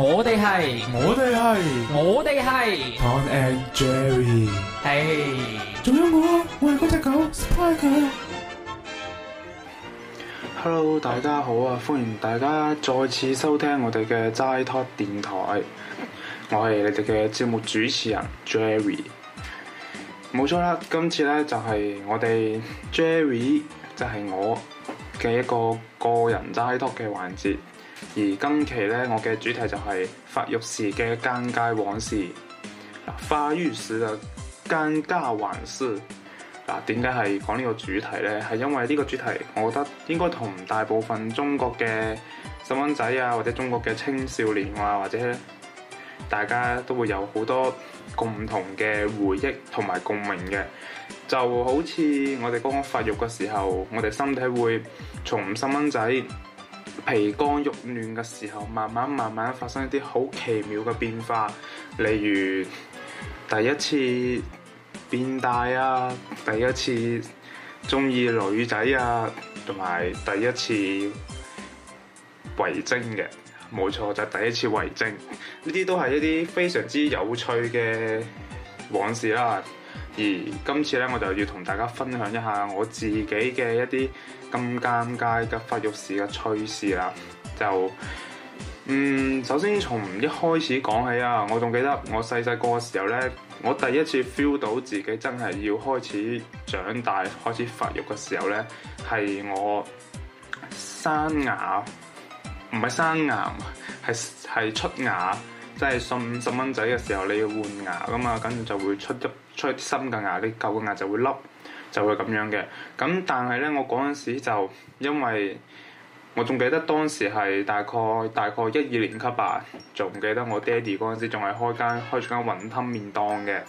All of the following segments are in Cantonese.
我哋係，我哋係，我哋係。Tom and Jerry，係。仲有我，我係嗰隻狗 Spike。Hello，大家好啊！歡迎大家再次收聽我哋嘅齋 Talk 電台。我係你哋嘅節目主持人 Jerry。冇錯啦，今次咧就係我哋 Jerry，就係我嘅一個個人齋 Talk 嘅環節。而今期咧，我嘅主題就係、是、發育時嘅尷尬往事。嗱，發育時嘅尷尬往事，嗱、啊，點解係講呢個主題呢？係因為呢個主題，我覺得應該同大部分中國嘅細蚊仔啊，或者中國嘅青少年啊，或者大家都會有好多共同嘅回憶同埋共鳴嘅。就好似我哋剛剛發育嘅時候，我哋身體會從細蚊仔。皮乾肉嫩嘅時候，慢慢慢慢發生一啲好奇妙嘅變化，例如第一次變大啊，第一次中意女仔啊，同埋第一次遺精嘅，冇錯就係第一次遺精，呢啲都係一啲非常之有趣嘅往事啦。而今次咧，我就要同大家分享一下我自己嘅一啲咁尷尬嘅發育史嘅趣事啦。就嗯，首先從一開始講起啊，我仲記得我細細個嘅時候咧，我第一次 feel 到自己真係要開始長大、開始發育嘅時候咧，係我生牙，唔係生牙，係係出牙，即係送五十蚊仔嘅時候，你要換牙噶嘛，跟住就會出一。出啲新嘅牙，啲舊嘅牙就會甩，就會咁樣嘅。咁但係咧，我嗰陣時就因為我仲記得當時係大概大概一二年級吧，仲記得我爹哋嗰陣時仲係開間開咗間雲吞麵檔嘅。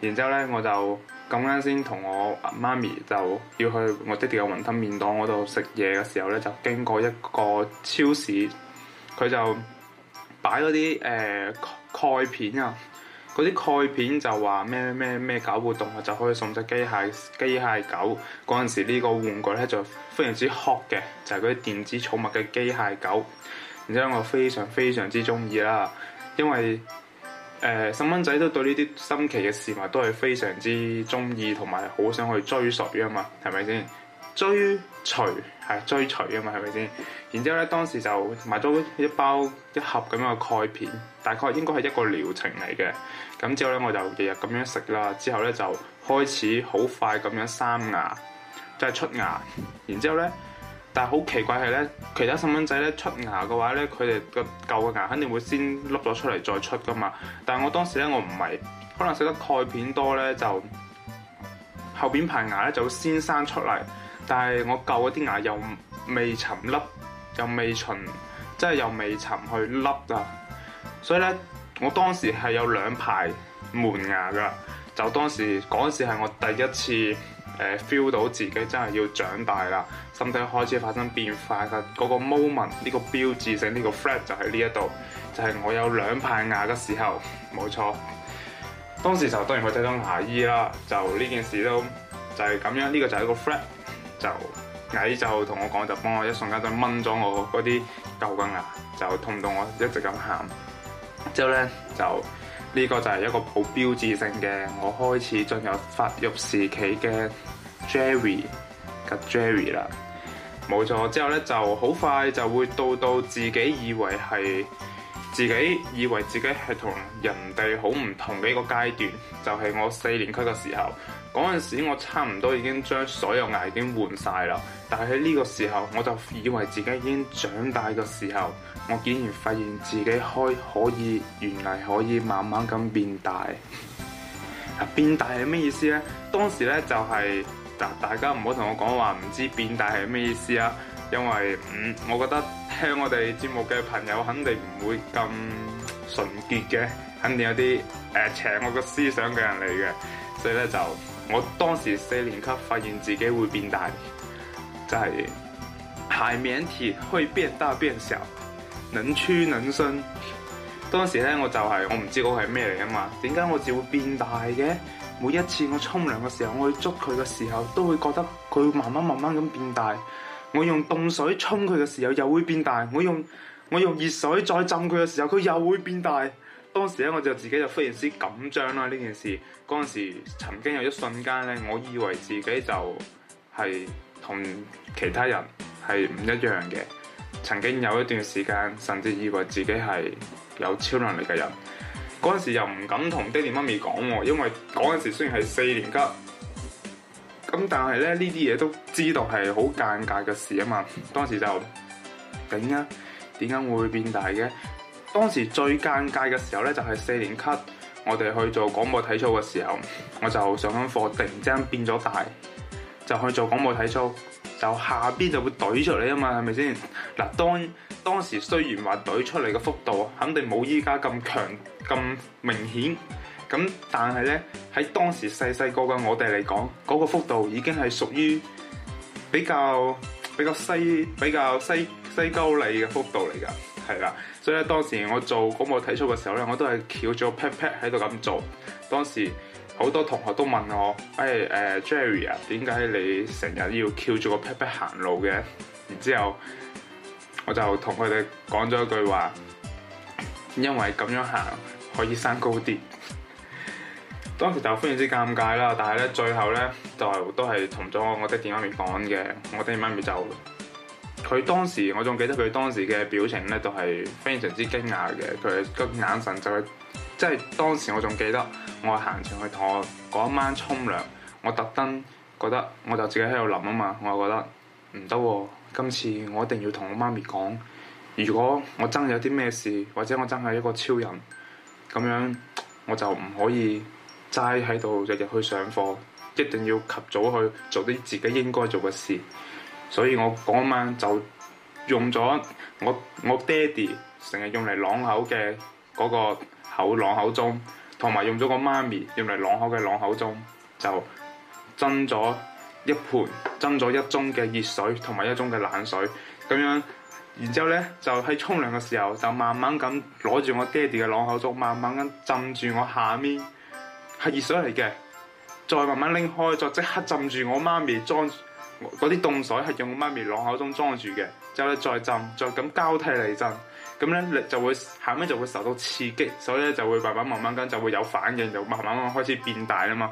然之後咧，我就咁啱先同我媽咪就要去我爹哋嘅雲吞麵檔嗰度食嘢嘅時候咧，就經過一個超市，佢就擺嗰啲誒鈣片啊。嗰啲鈣片就話咩咩咩搞活動啊，就可以送隻機械機械狗。嗰陣時呢個玩具咧就非常之 hot 嘅，就係嗰啲電子寵物嘅機械狗。然之後我非常非常之中意啦，因為誒細蚊仔都對呢啲新奇嘅事物都係非常之中意，同埋好想去追隨啊嘛，係咪先？追隨係追隨啊嘛，係咪先？然之後咧，當時就買咗一包一盒咁樣嘅鈣片，大概應該係一個療程嚟嘅。咁之後咧，我就日日咁樣食啦。之後咧就開始好快咁樣生牙，就係出牙。然之後咧，但係好奇怪係咧，其他細蚊仔咧出牙嘅話咧，佢哋個舊嘅牙肯定會先甩咗出嚟再出噶嘛。但係我當時咧我唔係，可能食得鈣片多咧，就後邊排牙咧就會先生出嚟。但係我舊嗰啲牙又未沉甩，又未循，即係又未沉去甩啊。所以咧。我當時係有兩排門牙噶，就當時嗰陣時係我第一次誒 feel、呃、到自己真係要長大啦，身體開始發生變化噶，嗰、那個 moment 呢個標誌性呢、這個 flat 就喺呢一度，就係、是、我有兩排牙嘅時候，冇錯。當時就當然去睇咗牙醫啦，就呢件事都就係咁樣，呢、這個就係一個 flat 就牙醫就同我講就幫我一瞬間就掹咗我嗰啲舊嘅牙，就痛到我一直咁喊。之後咧就呢、這個就係一個好標誌性嘅，我開始進入發育時期嘅 Jerry 嘅 Jerry 啦，冇錯。之後咧就好快就會到到自己以為係。自己以為自己係同人哋好唔同嘅一個階段，就係、是、我四年級嘅時候。嗰陣時我差唔多已經將所有牙已經換晒啦，但係喺呢個時候我就以為自己已經長大嘅時候，我竟然發現自己開可，可以，原來可以慢慢咁變大。啊， 變大係咩意思呢？當時呢，就係、是，嗱大家唔好同我講話唔知變大係咩意思啊！因為嗯，我覺得聽我哋節目嘅朋友肯定唔會咁純潔嘅，肯定有啲誒、呃、邪惡嘅思想嘅人嚟嘅。所以咧就我當時四年級發現自己會變大，就係、是、鞋面貼可以變大變小，能屈能伸。當時咧我就係、是、我唔知嗰係咩嚟啊嘛，點解我自己會變大嘅？每一次我沖涼嘅時候，我去捉佢嘅時候，都會覺得佢慢慢慢慢咁變大。我用凍水沖佢嘅時候又會變大，我用我用熱水再浸佢嘅時候佢又會變大。當時咧我就自己就非常之緊張啦呢件事。嗰陣時曾經有一瞬間咧，我以為自己就係同其他人係唔一樣嘅。曾經有一段時間，甚至以為自己係有超能力嘅人。嗰陣時又唔敢同爹哋媽咪講，因為嗰陣時雖然係四年級。咁但係咧呢啲嘢都知道係好尷尬嘅事啊嘛，當時就點解點解會變大嘅？當時最尷尬嘅時候咧就係四年級，我哋去做廣播體操嘅時候，我就上緊課，突然之間變咗大，就去做廣播體操，就下邊就會懟出嚟啊嘛，係咪先？嗱當當時雖然話懟出嚟嘅幅度肯定冇依家咁強咁明顯。咁，但係咧喺當時細細個嘅我哋嚟講，嗰、那個幅度已經係屬於比較比較西比較西西高麗嘅幅度嚟㗎，係啦。所以咧，當時我做嗰個體操嘅時候咧，我都係翹住 pat pat 喺度咁做。當時好多同學都問我：誒、哎、誒、呃、Jerry 啊，點解你成日要翹住個 pat pat 行路嘅？然之後，我就同佢哋講咗一句話：因為咁樣行可以生高啲。當時就非常之尷尬啦，但係咧最後咧就都係同咗我爹哋媽咪講嘅，我爹哋媽咪就佢當時我仲記得佢當時嘅表情咧，就係非常之驚訝嘅，佢個眼神就係即係當時我仲記得我行前去同我嗰晚沖涼，我特登覺得我就自己喺度諗啊嘛，我就覺得唔得喎，今次我一定要同我媽咪講，如果我真係有啲咩事，或者我真係一個超人咁樣，我就唔可以。齋喺度日日去上課，一定要及早去做啲自己應該做嘅事。所以我嗰晚就用咗我我爹哋成日用嚟晾口嘅嗰個口晾口盅，同埋用咗我媽咪用嚟晾口嘅晾口盅，就斟咗一盆、斟咗一盅嘅熱水，同埋一盅嘅冷水，咁樣，然之後咧就喺沖涼嘅時候，就慢慢咁攞住我爹哋嘅晾口盅，慢慢咁浸住我下面。係熱水嚟嘅，再慢慢拎開，再即刻浸住我媽咪裝嗰啲凍水，係用我媽咪朗口中裝住嘅，之後咧再浸，再咁交替嚟浸，咁咧就會後屘就會受到刺激，所以咧就會慢慢慢慢咁就會有反應，就慢慢慢慢開始變大啊嘛。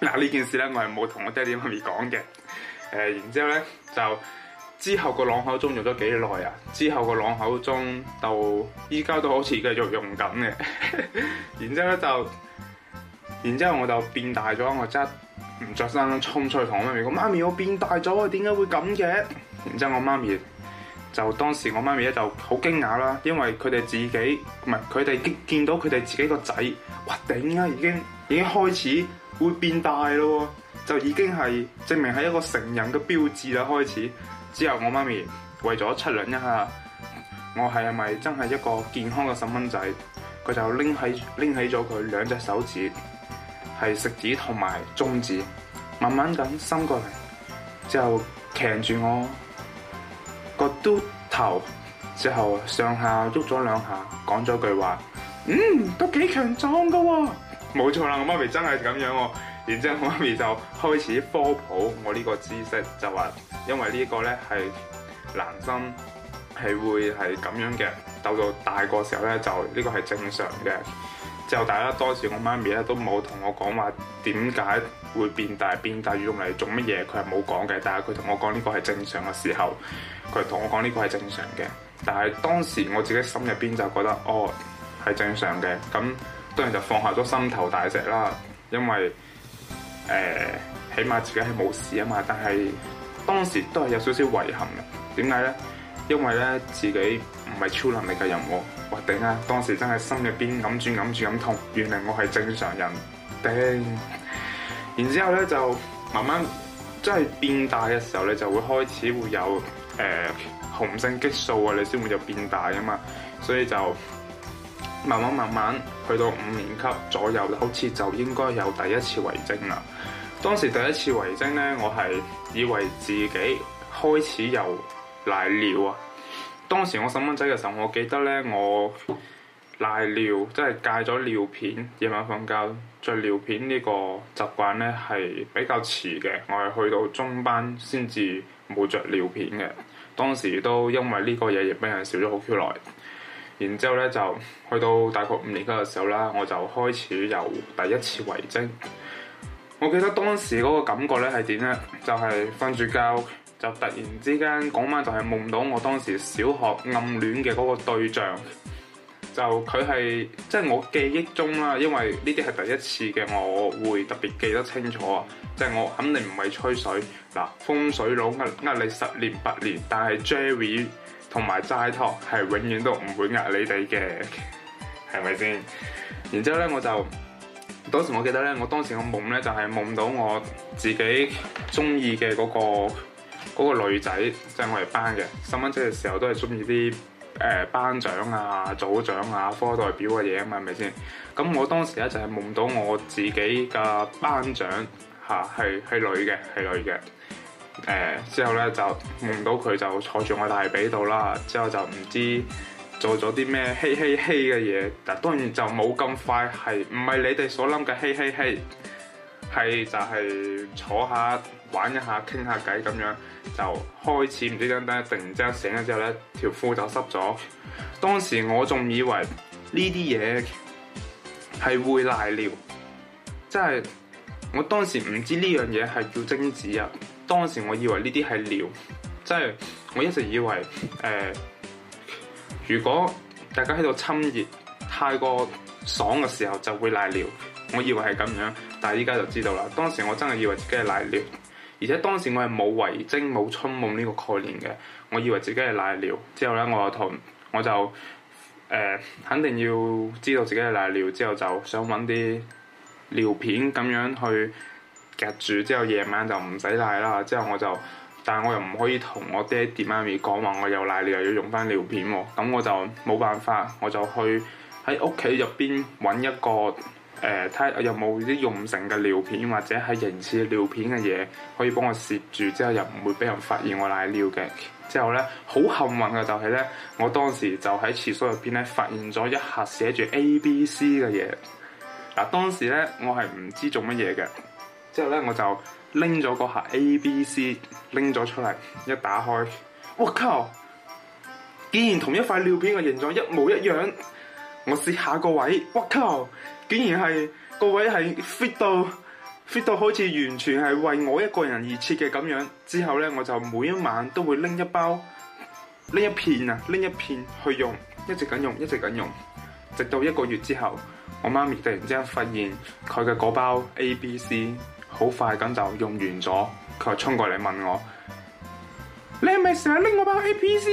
嗱呢件事咧，我係冇同我爹哋媽咪講嘅。誒，然後呢之後咧就之後個朗口中用咗幾耐啊？之後個朗口中到依家都好似繼續用緊嘅。 然之後咧就。然之後我就變大咗，我即係唔着衫咁衝出去同我媽咪講：媽咪，我變大咗，點解會咁嘅？然之後我媽咪就當時我媽咪咧就好驚訝啦，因為佢哋自己唔係佢哋見到佢哋自己個仔哇頂啊，已經已經開始會變大咯，就已經係證明係一個成人嘅標誌啦。開始之後我媽，我媽咪為咗測量一下我係咪真係一個健康嘅細蚊仔，佢就拎起拎起咗佢兩隻手指。係食指同埋中指，慢慢咁伸過嚟，之後騎住我個嘟頭，之後上下喐咗兩下，講咗句話：嗯，都幾強壯噶，哦，冇錯啦，我媽咪真係咁樣啊。然之後我媽咪就開始科普我呢個知識，就話因為呢個咧係男生係會係咁樣嘅，到到大個時候咧就呢個係正常嘅。之後大家多時我媽咪咧都冇同我講話點解會變大，變大用嚟做乜嘢，佢係冇講嘅。但係佢同我講呢個係正常嘅時候，佢同我講呢個係正常嘅。但係當時我自己心入邊就覺得，哦係正常嘅，咁當然就放下咗心頭大石啦。因為誒、呃，起碼自己係冇事啊嘛。但係當時都係有少少遺憾嘅。點解呢？因為咧自己。唔係超能力嘅人喎，哇頂啊！當時真係心入邊諗住諗住咁痛，原來我係正常人，頂、啊。然之後咧就慢慢即係變大嘅時候你就會開始會有誒、呃、雄性激素啊，你先會有變大啊嘛。所以就慢慢慢慢去到五年級左右，好似就應該有第一次遺精啦。當時第一次遺精咧，我係以為自己開始有瀨尿啊。當時我細蚊仔嘅時候，我記得呢，我賴尿，即係戒咗尿片。夜晚瞓覺着尿片呢個習慣呢係比較遲嘅。我係去到中班先至冇着尿片嘅。當時都因為呢個嘢亦俾人笑咗好久耐。然之後呢，就去到大概五年級嘅時候啦，我就開始有第一次遺精。我記得當時嗰個感覺呢係點呢？就係瞓住覺。就突然之間講返，就係夢到我當時小學暗戀嘅嗰個對象。就佢係即係我記憶中啦，因為呢啲係第一次嘅，我會特別記得清楚啊。即係我肯定唔係吹水嗱，啊，風水佬呃呃你十年八年，但係 Jerry 同埋齋托係永遠都唔會呃你哋嘅，係咪先？然之後咧，我就當時我記得咧，我當時我夢咧就係夢到我自己中意嘅嗰個。嗰個女仔即係我哋班嘅，細蚊仔嘅時候都係中意啲誒班長啊、組長啊、科代表嘅嘢啊嘛，係咪先？咁我當時咧就係、是、夢到我自己嘅班長吓，係、啊、係女嘅，係女嘅。誒、呃、之後咧就夢到佢就坐住我大髀度啦，之後就唔知做咗啲咩嘿嘿嘿嘅嘢。嗱當然就冇咁快，係唔係你哋所諗嘅嘿嘿嘿。係就係、是、坐下玩一下傾下偈咁樣，就開始唔知點解突然之間醒咗之後咧，條褲就濕咗。當時我仲以為呢啲嘢係會瀨尿，即係我當時唔知呢樣嘢係叫精子啊。當時我以為呢啲係尿，即係我一直以為誒、呃，如果大家喺度親熱太過爽嘅時候就會瀨尿，我以為係咁樣。但係依家就知道啦，當時我真係以為自己係瀨尿，而且當時我係冇遺精冇春夢呢個概念嘅，我以為自己係瀨尿。之後呢，我同我就誒、呃、肯定要知道自己係瀨尿，之後就想揾啲尿片咁樣去夾住，之後夜晚就唔使瀨啦。之後我就，但係我又唔可以同我爹哋媽咪講話，我有瀨尿又要用翻尿片喎。咁我就冇辦法，我就去喺屋企入邊揾一個。誒，睇下有冇啲用唔成嘅尿片或者係形似尿片嘅嘢，可以幫我攝住之後又唔會俾人發現我奶尿嘅。之後咧，好幸運嘅就係咧，我當時就喺廁所入邊咧發現咗一盒寫住 A B C 嘅嘢。嗱、啊，當時咧我係唔知做乜嘢嘅，之後咧我就拎咗嗰盒 A B C 拎咗出嚟，一打開，我靠，竟然同一塊尿片嘅形狀一模一樣。我試下個位，我靠！竟然係個位係 fit 到 fit 到好似完全係為我一個人而設嘅咁樣，之後咧我就每一晚都會拎一包拎一片啊，拎一片去用，一直咁用，一直咁用，直到一個月之後，我媽咪突然之間發現佢嘅嗰包 ABC 好快咁就用完咗，佢就衝過嚟問我：你係咪成日拎我包 ABC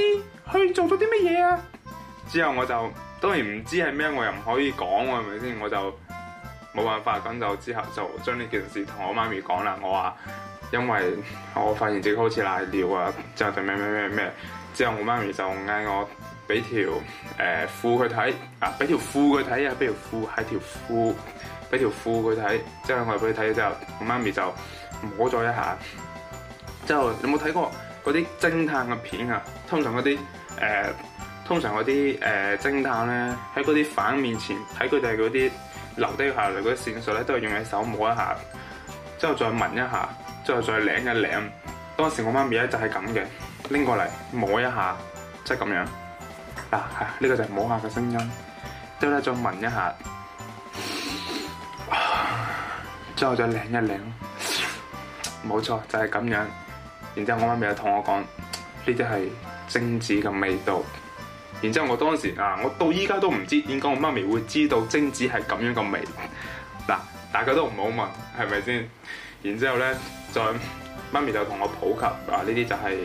去做咗啲乜嘢啊？之後我就。當然唔知係咩，我又唔可以講喎，係咪先？我就冇辦法，咁就之後就將呢件事同我媽咪講啦。我話因為我發現自己好似瀨尿啊，之後就咩咩咩咩，之後我媽咪就嗌我俾條誒褲佢睇，啊俾條褲佢睇啊，俾條褲係、啊、條褲，俾、啊、條褲佢睇，之後我俾佢睇之後，我媽咪就摸咗一下。之後你有冇睇過嗰啲偵探嘅片啊？通常嗰啲誒。呃通常嗰啲誒偵探咧喺嗰啲反面前睇佢哋嗰啲留低下嚟嗰啲線索咧，都係用喺手摸一下，之後再聞一下，之後再舐一舐。當時我媽咪咧就係咁嘅，拎過嚟摸一下，即係咁樣。嗱，呢個就係摸下嘅聲音，之後咧再聞一下，之後再舐一舐。冇錯，就係咁樣。然之後我媽咪就同我講：呢啲係精子嘅味道。然之後，我當時啊，我到依家都唔知點解我媽咪會知道精子係咁樣嘅味。嗱，大家都唔好問，係咪先？然之後咧，就媽咪就同我普及啊，呢啲就係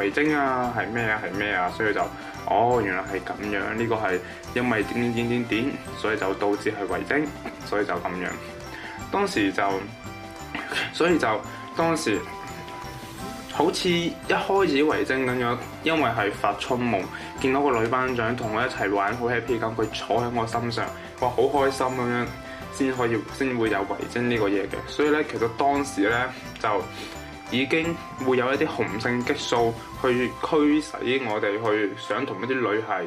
遺精啊，係咩啊，係咩啊，所以就哦，原來係咁樣，呢個係因為點點點點點，所以就導致係遺精，所以就咁樣。當時就，所以就當時。好似一開始遺精咁樣，因為係發春夢，見到個女班長同我一齊玩好 happy 咁，佢坐喺我身上，哇好開心咁樣，先可以先會有遺精呢個嘢嘅。所以咧，其實當時咧就已經會有一啲雄性激素去驅使我哋去想同一啲女孩、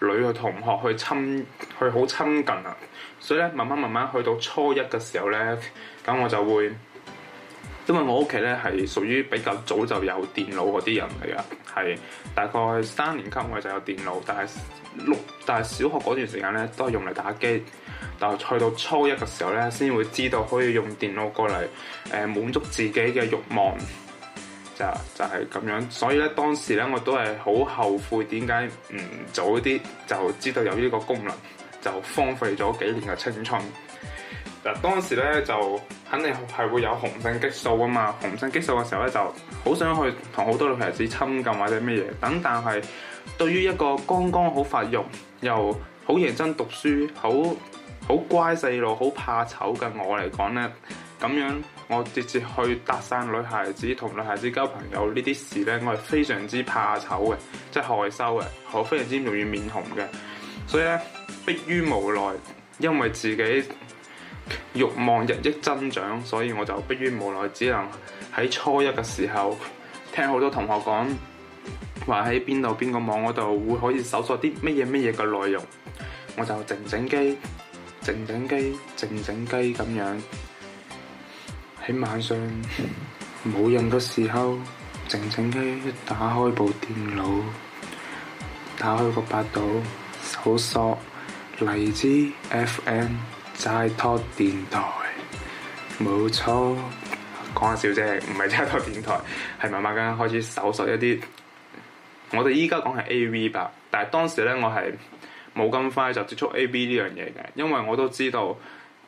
女嘅同學去親去好親近啦。所以咧，慢慢慢慢去到初一嘅時候咧，咁我就會。因為我屋企咧係屬於比較早就有電腦嗰啲人嚟噶，係大概三年級我就有電腦，但係六但係小學嗰段時間咧都係用嚟打機，但係去到初一嘅時候咧先會知道可以用電腦過嚟誒滿足自己嘅慾望，就就係咁樣。所以咧當時咧我都係好後悔點解唔早啲就知道有呢個功能，就荒廢咗幾年嘅青春。嗱，當時咧就肯定係會有雄性激素啊嘛。雄性激素嘅時候咧，就好想去同好多女孩子親近或者咩嘢等，但係對於一個剛剛好發育又好認真讀書好好乖細路，好怕醜嘅我嚟講咧，咁樣我直接去搭訕女孩子同女孩子交朋友呢啲事咧，我係非常之怕醜嘅，即係害羞嘅、就是，我非常之容易面紅嘅，所以咧迫於無奈，因為自己欲望日益增長，所以我就迫於無奈，只能喺初一嘅時候聽好多同學講，話喺邊度邊個網嗰度會可以搜索啲乜嘢乜嘢嘅內容，我就靜靜機、靜靜機、靜靜機咁樣喺晚上冇人嘅時候靜靜機一打開部電腦，打開個百度搜索荔枝 FM。齋 TALK 電台，冇錯，講下笑啫，唔係齋 TALK 電台，係慢慢開始搜索一啲。我哋依家講係 A V 吧，但係當時咧，我係冇咁快就接觸 A V 呢樣嘢嘅，因為我都知道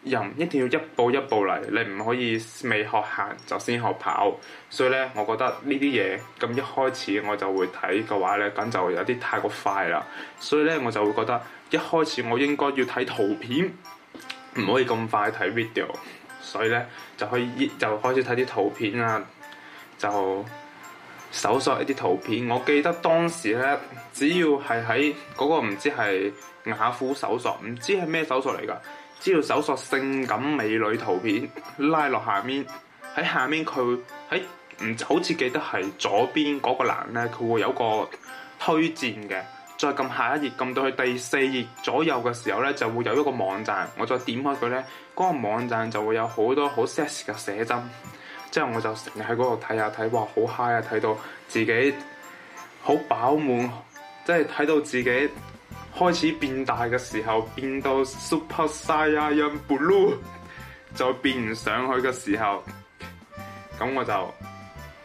人一定要一步一步嚟，你唔可以未學行就先學跑，所以咧，我覺得呢啲嘢咁一開始我就會睇嘅話咧，咁就有啲太過快啦，所以咧，我就會覺得一開始我應該要睇圖片。唔可以咁快睇 video，所以咧，就可以就開始睇啲圖片啊，就搜索一啲圖片。我記得當時咧，只要係喺嗰個唔知係雅虎搜索，唔知係咩搜索嚟噶，只要搜索性感美女圖片，拉落下面，喺下面佢喺唔好似記得係左邊嗰個欄咧，佢會有個推薦嘅。再撳下一頁，撳到去第四頁左右嘅時候咧，就會有一個網站，我再點開佢咧，嗰個網站就會有好多好 sexy 嘅寫真，之後我就成日喺嗰度睇下睇，哇，好 high 啊！睇到自己好飽滿，即係睇到自己開始變大嘅時候，變到 Super Saiyan Blue，就變唔上去嘅時候，咁我就。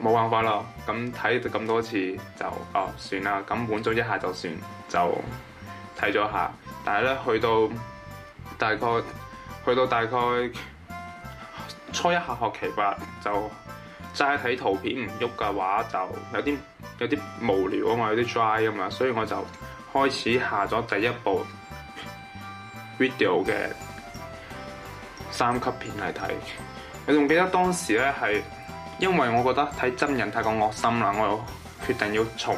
冇辦法囉，咁睇咁多次就哦算啦，咁滿足一下就算，就睇咗下。但係咧去到大概去到大概初一下學期吧，就齋睇圖片唔喐嘅話，就有啲有啲無聊啊嘛，有啲 dry 啊嘛，所以我就開始下咗第一部 video 嘅三級片嚟睇。我仲記得當時咧係。因為我覺得睇真人太過噁心啦，我又決定要從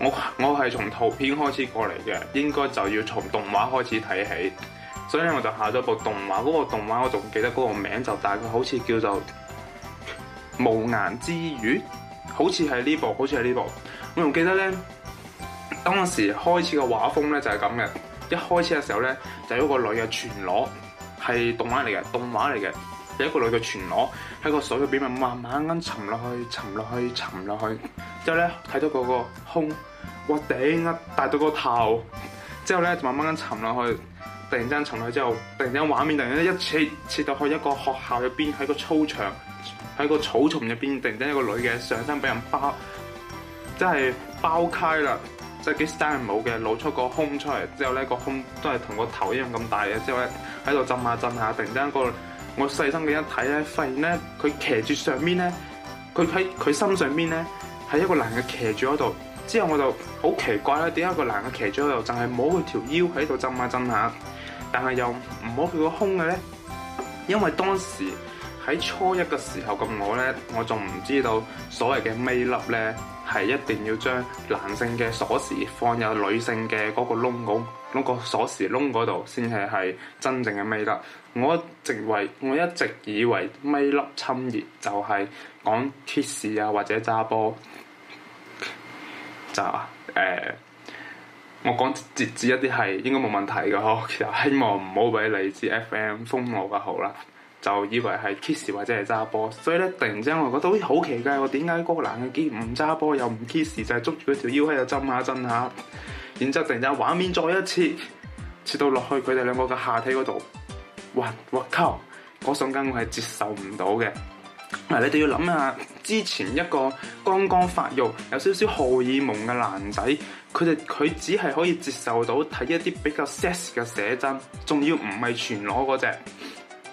我我係從圖片開始過嚟嘅，應該就要從動畫開始睇起。所以咧，我就下咗部動畫，嗰個動畫我仲記得嗰個名，就大概好似叫做《無顏之魚》，好似係呢部，好似係呢部。我仲記得咧，當時開始嘅畫風咧就係咁嘅。一開始嘅時候咧，就係嗰個女嘅全裸，係動畫嚟嘅，動畫嚟嘅。有一個女嘅全裸喺個水入邊咪慢慢咁沉落去，沉落去，沉落去，去，之後咧睇到嗰個胸，哇頂啊！大到個頭，之後咧就慢慢咁沉落去，突然間沉落去之後，突然間畫面突然間一切切到去一個學校入邊，喺個操場，喺個草叢入邊，突然間一個女嘅上身俾人包，即係包開啦，即係幾 style 冇嘅，露出個胸出嚟，之後咧個胸都係同個頭一樣咁大嘅，之後咧喺度浸下浸下，突然間個。我細心嘅一睇，發現呢佢騎住上面呢，佢喺佢身上面呢，係一個男嘅騎住喺度，之後我就好奇怪啦，點解個男嘅騎住喺度，就係摸佢條腰喺度震下震下，但係又唔摸佢個胸嘅呢？因為當時喺初一嘅時候嘅我呢，我仲唔知道所謂嘅美粒呢，係一定要將男性嘅鎖匙放入女性嘅嗰個窿。嗰個鎖匙窿嗰度先係係真正嘅咪粒。我一直，為我一直以為咪粒侵熱就係講 kiss 啊，或者揸波，就誒、欸，我講直接一啲係應該冇問題嘅呵。其實希望唔好俾荔枝 FM 封我嘅號啦。就以為係 kiss 或者係揸波，所以咧突然之間我覺得好奇怪，我點解個男嘅既唔揸波又唔 kiss，就係捉住佢條腰喺度震下震下，下，然之後突然之間畫面再一次切到落去佢哋兩個嘅下體嗰度，哇！我靠，嗰瞬間我係接受唔到嘅。嗱、啊，你哋要諗下，之前一個剛剛發育有少少荷爾蒙嘅男仔，佢哋佢只係可以接受到睇一啲比較 sexy 嘅寫真，仲要唔係全裸嗰隻。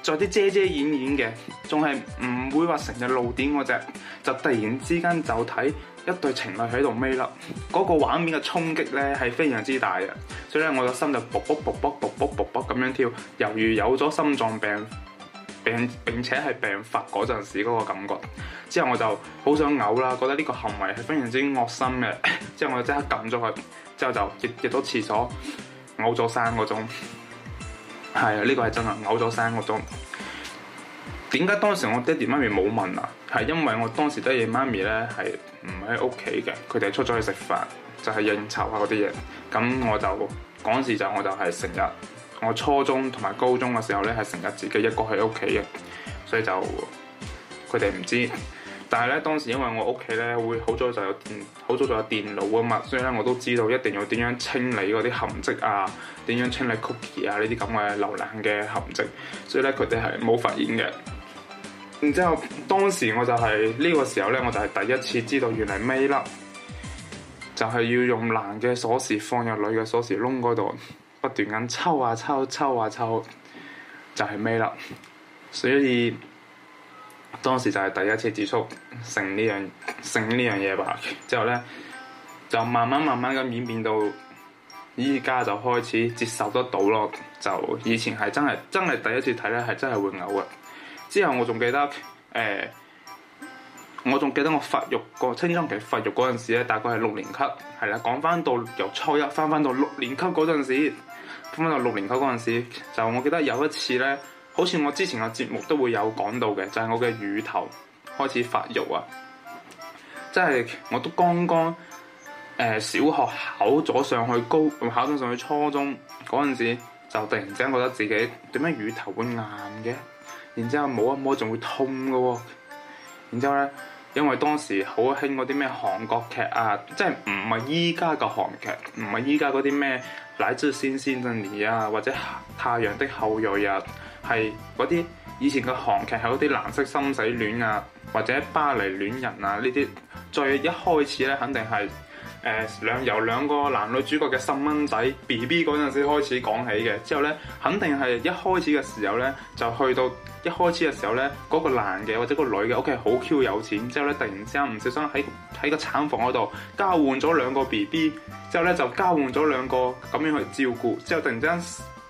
做啲遮遮掩掩嘅，仲係唔會話成日露點嗰隻，就突然之間就睇一對情侶喺度咪啦，嗰個畫面嘅衝擊咧係非常之大嘅，所以咧我個心就卜卜卜卜卜卜卜卜咁樣跳，猶如有咗心臟病病並且係病發嗰陣時嗰個感覺，之後我就好想嘔啦，覺得呢個行為係非常之惡心嘅，之後我就即刻撳咗佢，之後就入入咗廁所嘔咗三個鐘。係啊，呢個係真係，嘔咗三個鐘。點解當時我爹哋媽咪冇問啊？係因為我當時爹哋媽咪咧係唔喺屋企嘅，佢哋出咗去食飯，就係應酬下嗰啲嘢。咁我就嗰時就我就係成日，我初中同埋高中嘅時候咧係成日自己一個喺屋企嘅，所以就佢哋唔知。但係咧，當時因為我屋企咧會好早就有電，好早就有電腦啊嘛，所以咧我都知道一定要點樣清理嗰啲痕跡啊，點樣清理 cookie 啊呢啲咁嘅瀏覽嘅痕跡，所以咧佢哋係冇發現嘅。然之後當時我就係、是、呢、呢個時候咧，我就係第一次知道原嚟咪粒就係要用男嘅鎖匙放入女嘅鎖匙窿嗰度，不斷咁抽啊抽，抽啊抽，就係咪粒，所以。當時就係第一次接觸成呢樣成呢樣嘢吧。之後呢，就慢慢慢慢咁演變到依家就開始接受得到咯。就以前係真係真係第一次睇呢，係真係會嘔嘅。之後我仲記得誒、欸，我仲記得我發育過青春期發育嗰陣時咧，大概係六年級係啦。講翻到由初一翻翻到六年級嗰陣時，翻翻到六年級嗰陣時，就我記得有一次呢。好似我之前嘅節目都會有講到嘅，就係我嘅乳頭開始發育啊！即係我都剛剛誒小學考咗上去高，考咗上去初中嗰陣時，就突然之間覺得自己點解乳頭會硬嘅？然之後摸一摸仲會痛嘅喎。然之後咧，因為當時好興嗰啲咩韓國劇啊，即係唔係依家嘅韓劇，唔係依家嗰啲咩《來自星星的你》啊，或者《太陽的後裔》啊。係嗰啲以前嘅韓劇，係嗰啲藍色生死戀啊，或者巴黎戀人啊呢啲。最一開始咧，肯定係誒兩由兩個男女主角嘅細蚊仔 BB 嗰陣時開始講起嘅。之後咧，肯定係一開始嘅時候咧，就去到一開始嘅時候咧，嗰個男嘅或者個女嘅屋企好 Q 有錢。之後咧，突然之間唔小心喺喺個產房嗰度交換咗兩個 BB，之後咧就交換咗兩個咁樣去照顧。之後突然之間。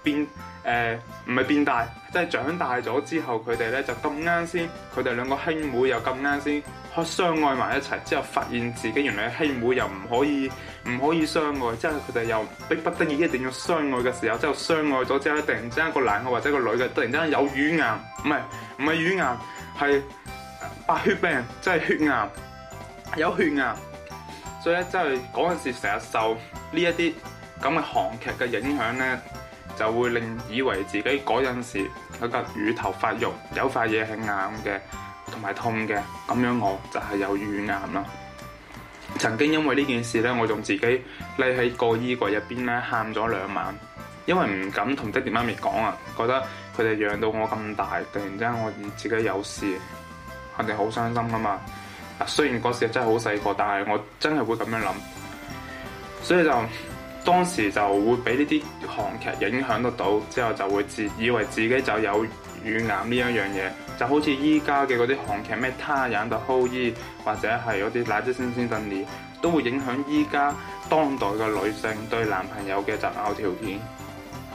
變誒唔係變大，即係長大咗之後，佢哋咧就咁啱先，佢哋兩個兄妹又咁啱先，可相愛埋一齊。之後發現自己原來兄妹又唔可以唔可以相愛，之後佢哋又逼不得已一定要相愛嘅時候，之後相愛咗之後，突然之間個男嘅或者個女嘅突然之間有乳癌，唔係唔係乳癌，係白血病，即係血癌，有血癌。所以咧，真係嗰陣時成日受呢一啲咁嘅韓劇嘅影響咧。就會令以為自己嗰陣時有個乳頭發育有塊嘢係硬嘅，同埋痛嘅，咁樣我就係有乳癌啦。曾經因為呢件事呢，我仲自己匿喺個衣櫃入邊咧，喊咗兩晚，因為唔敢同爹哋媽咪講啊，覺得佢哋養到我咁大，突然之間我自己有事，肯定好傷心噶嘛。啊，雖然嗰時真係好細個，但係我真係會咁樣諗，所以就。當時就會俾呢啲韓劇影響得到，之後就會自以為自己就有乳癌呢一樣嘢，就好似依家嘅嗰啲韓劇咩太陽的後裔，或者係嗰啲來自星星的你，都會影響依家當代嘅女性對男朋友嘅擇偶條件，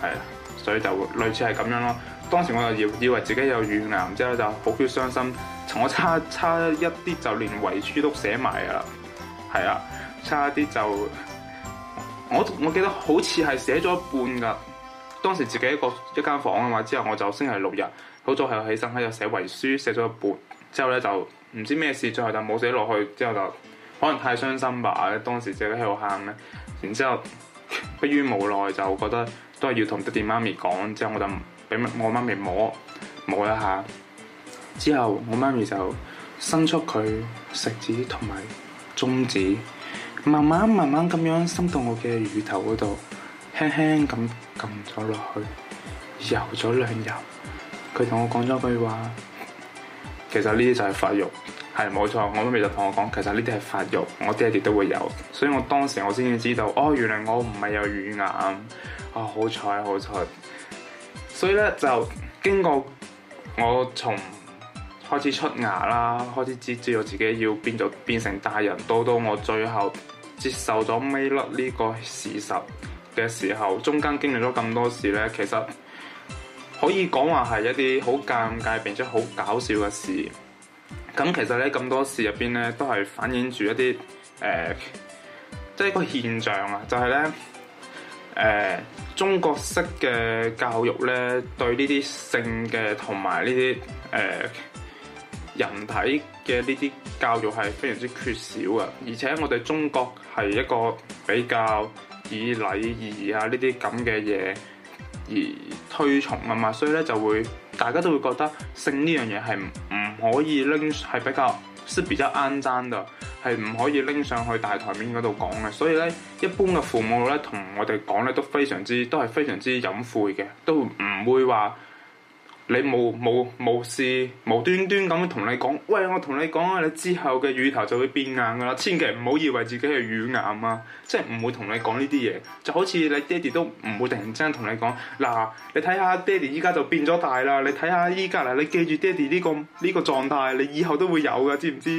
係啊，所以就會類似係咁樣咯。當時我就以以為自己有乳癌，之後就好嬲傷心，我差差一啲就連遺書都寫埋啊，係啊，差一啲就，就。我我記得好似係寫咗一半噶當時自己一個一間房啊嘛，之後我就星期六日，好早係起身喺度寫遺書，寫咗一半之後咧就唔知咩事，最後就冇寫落去，之後就可能太傷心吧，當時自己喺度喊咧，然之後迫於無奈就覺得都係要同爹哋媽咪講，之後我就俾我媽咪摸摸一下，之後我媽咪就伸出佢食指同埋中指。慢慢慢慢咁樣伸到我嘅乳頭嗰度，輕輕咁撳咗落去，游咗兩油。佢同我講咗句話。其實呢啲就係發育，係冇錯。我都未就同我講，其實呢啲係發育。我爹哋都會有，所以我當時我先至知道，哦，原來我唔係有乳癌，哦，好彩好彩。所以咧，就經過我從開始出牙啦，開始知知道自己要變做變成大人，到到我最後。接受咗尾粒呢個事實嘅時候，中間經歷咗咁多事咧，其實可以講話係一啲好尷尬並且好搞笑嘅事。咁其實咧咁多事入邊咧，都係反映住一啲誒，即係一個現象啊！就係咧誒，中國式嘅教育咧，對呢啲性嘅同埋呢啲誒。人體嘅呢啲教育係非常之缺少啊！而且我哋中國係一個比較以禮儀啊呢啲咁嘅嘢而推崇噶嘛，所以咧就會大家都會覺得性呢樣嘢係唔可以拎，係比較是比較啱爭嘅，係唔可以拎上去大台面嗰度講嘅。所以咧，一般嘅父母咧同我哋講咧都非常之都係非常之隱晦嘅，都唔會話。你冇冇冇事，無端端咁同你講，喂，我同你講啊，你之後嘅乳頭就會變硬噶啦，千祈唔好以為自己係乳癌啊，即係唔會同你講呢啲嘢，就好似你爹哋都唔會突然之間同你講，嗱、啊，你睇下爹哋依家就變咗大啦，你睇下依家嗱，你記住爹哋呢個呢、呢個狀態，你以後都會有噶，知唔知？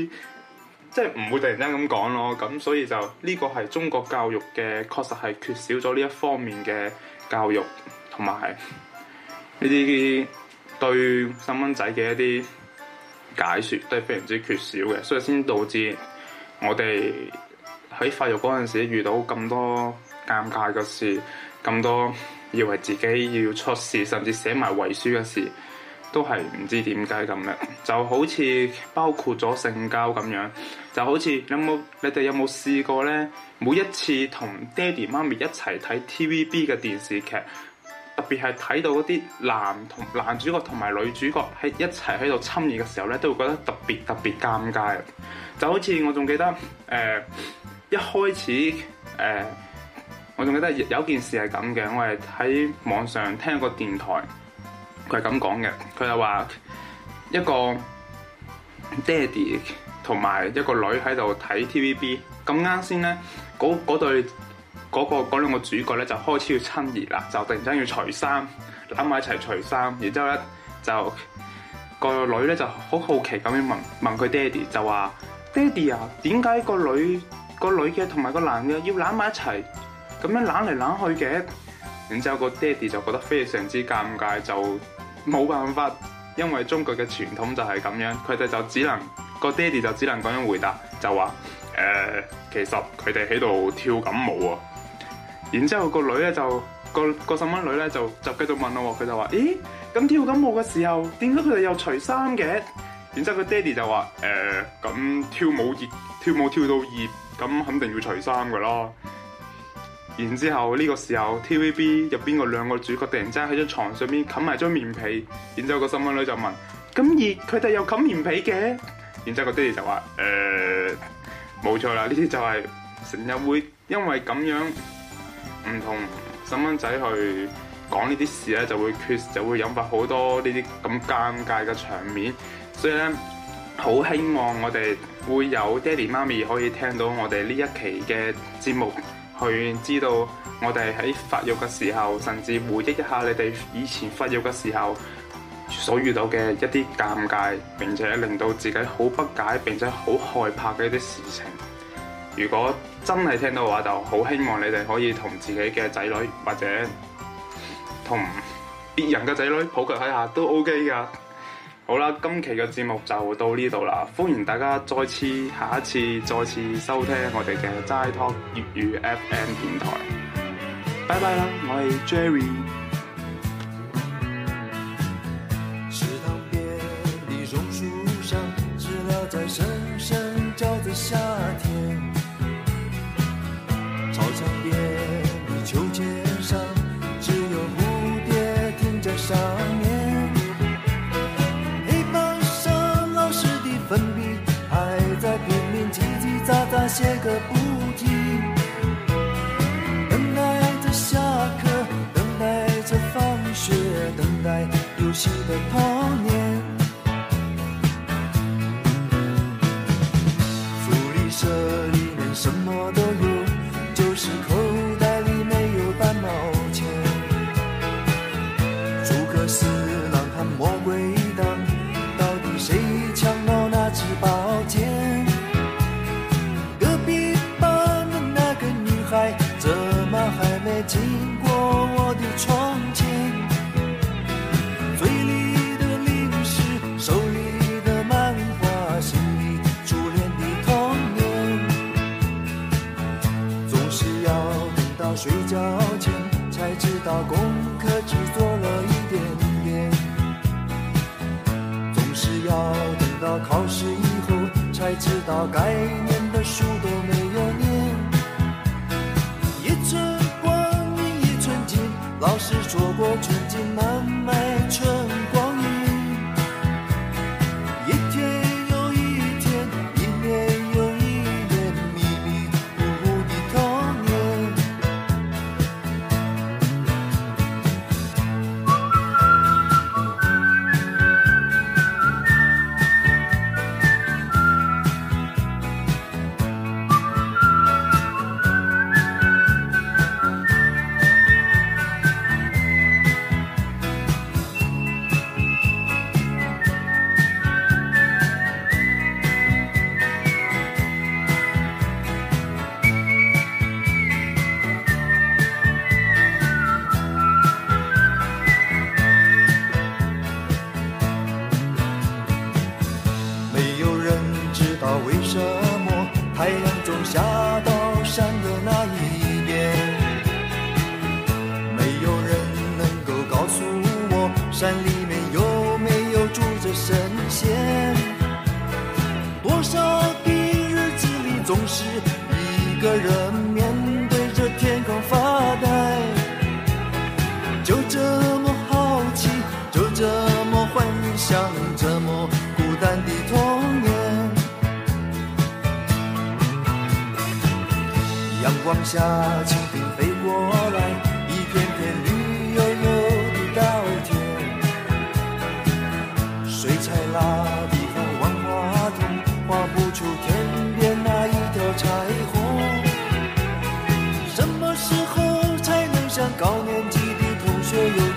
即係唔會突然間咁講咯，咁所以就呢個係中國教育嘅確實係缺少咗呢一方面嘅教育同埋呢啲。對細蚊仔嘅一啲解説都係非常之缺少嘅，所以先導致我哋喺發育嗰陣時遇到咁多尷尬嘅事，咁多以為自己要出事，甚至寫埋遺書嘅事，都係唔知點解咁樣。就好似包括咗性交咁樣，就好似有冇你哋有冇試過呢？每一次同爹哋媽咪一齊睇 TVB 嘅電視劇。特別係睇到嗰啲男同男主角同埋女主角喺一齊喺度親密嘅時候咧，都會覺得特別特別尷尬。就好似我仲記得，誒、呃，一開始，誒、呃，我仲記得有件事係咁嘅，我係喺網上聽一個電台，佢係咁講嘅，佢就話一個爹哋同埋一個女喺度睇 TVB，咁啱先咧，嗰嗰對。嗰個嗰兩個主角咧就開始要親熱啦，就突然之間要除衫，攬埋一齊除衫，然之後咧就個女咧就好好奇咁樣問問佢爹哋，就話爹哋啊，點解個女個女嘅同埋個男嘅要攬埋一齊咁樣攬嚟攬去嘅？然之後個爹哋就覺得非常之尷尬，就冇辦法，因為中國嘅傳統就係咁樣，佢哋就只能，個爹哋就只能咁樣回答，就話誒，eh, 其實佢哋喺度跳緊舞啊！然之後個女咧就、那個、那個細蚊女咧就就繼續問咯，佢就話，咦，咁跳緊舞嘅時候，點解佢哋又除衫嘅？然之後個爹哋就話，誒、呃，咁跳舞熱，跳舞跳到熱，咁肯定要除衫噶咯。然之後呢個時候，T V B 入邊個兩個主角突然之間喺張床上邊冚埋張棉被，然之後個細蚊女就問，咁熱，佢哋又冚棉被嘅？然之後個爹哋就話，誒、呃，冇錯啦，呢啲就係成日會因為咁樣。唔同細蚊仔去講呢啲事咧，就會缺，就會引發好多呢啲咁尷尬嘅場面。所以咧，好希望我哋會有爹哋媽咪可以聽到我哋呢一期嘅節目，去知道我哋喺發育嘅時候，甚至回憶一下你哋以前發育嘅時候所遇到嘅一啲尷尬，並且令到自己好不解並且好害怕嘅一啲事情。如果真係聽到嘅話，就好希望你哋可以同自己嘅仔女或者同別人嘅仔女普及一下都 OK 噶。好啦，今期嘅節目就到呢度啦，歡迎大家再次下一次再次收聽我哋嘅齋 talk 粵語 FM 電台。拜拜啦，我係 Jerry。寫個不停，等待着下課，等待着放學，等待遊戲的童。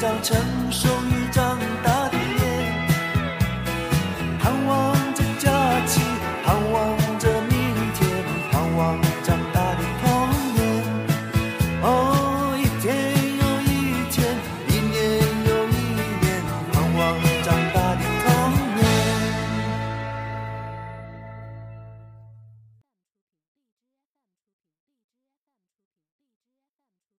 到成熟。